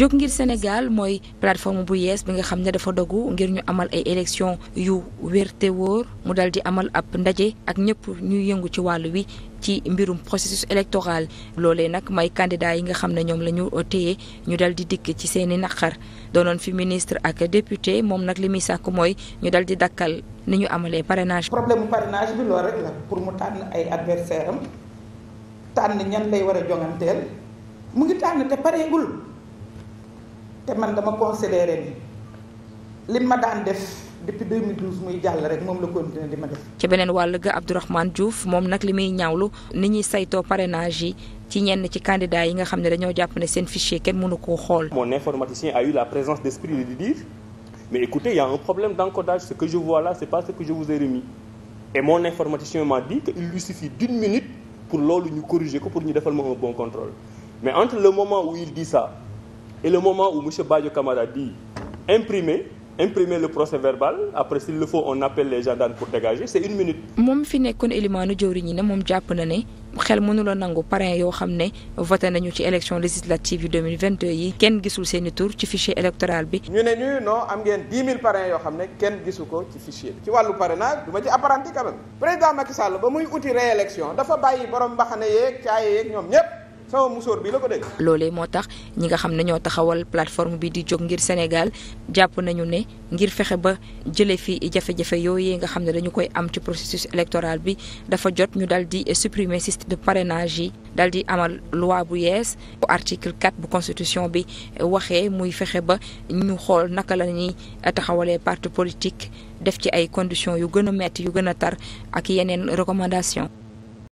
jóg ngir Sénégal mooy plateforme bu yees bi nga xam ne dafa dogu ngir ñu amal ay élection yu wér te wóor mu dal di amal ab ndaje ak ñëpp ñuy yëngu ci wàll wi ci mbirum processus électoral loolee nag may candidat yi nga xam ne ñoom la ñu téye ñu dal di dikk ci seeni naqar doonoon fi ministre ak député moom nag li muy sàkk mooy ñu dal di dakkal ni ñu amalee parrainage. problème bi loolu rek la pour mu tànn ay adversaire tànn ñan lay war a jonganteel mu ngi tànn te pareegul. te man dama considéré ni lim ma daan def depuis muy jàll rek moom la continué di ma def. ci beneen wàll ga Abdourahmane Diouf moom nag li may ñaawlu ni ñuy saytoo parrainage yi ci ñenn ci candidats yi nga xam ne dañoo jàpp ne seen fichier kenn mënu koo xool. mon informaticien a eu la présence d'esprit de dire mais écoutez il y a un problème d'encodage ce que je vois là c'est pas ce que je vous ai remis et mon informaticien m'a dit que il lui suffit d'une loolu ñu corriger ko pour ñu defal ma un bon contrôle Et le moment où M. Badio Kamara dit imprimer, imprimer le procès verbal après s'il le faut on appelle les gendarmes pour dégager c'est une minute. moom fi nekkoon élimaanu jëwriñ ñi ne moom jàpp na ne xel mënula nangu parrain yoo xam ne voté nañu ci élection législative yu 2022 yi kenn gisul seeni tur ci fichier électoral bi. ñu ne ñu non am ngeen 10 yoo xam ne kenn gisu ko ci fichier ci wàllu parrainage du ma ci apparenté quand même président ba muy uti réélection dafa bàyyi borom mbaxane yeeg sama moo tax ñi nga xam ne ñoo taxawal plateforme bi di jóg ngir Sénégal jàpp nañu ne ngir fexe ba jëlee fi jafe-jafe yooyu nga xam ne dañu koy am ci processus électoral bi dafa jot ñu dal di supprimer système de parrainage yi dal di amal loi bu yees bu article bu constitution bi waxee muy fexe ba ñu xool naka la ñuy taxawalee partie politique def ci ay conditions yu gën a metti yu gën a tar ak yeneen recommandation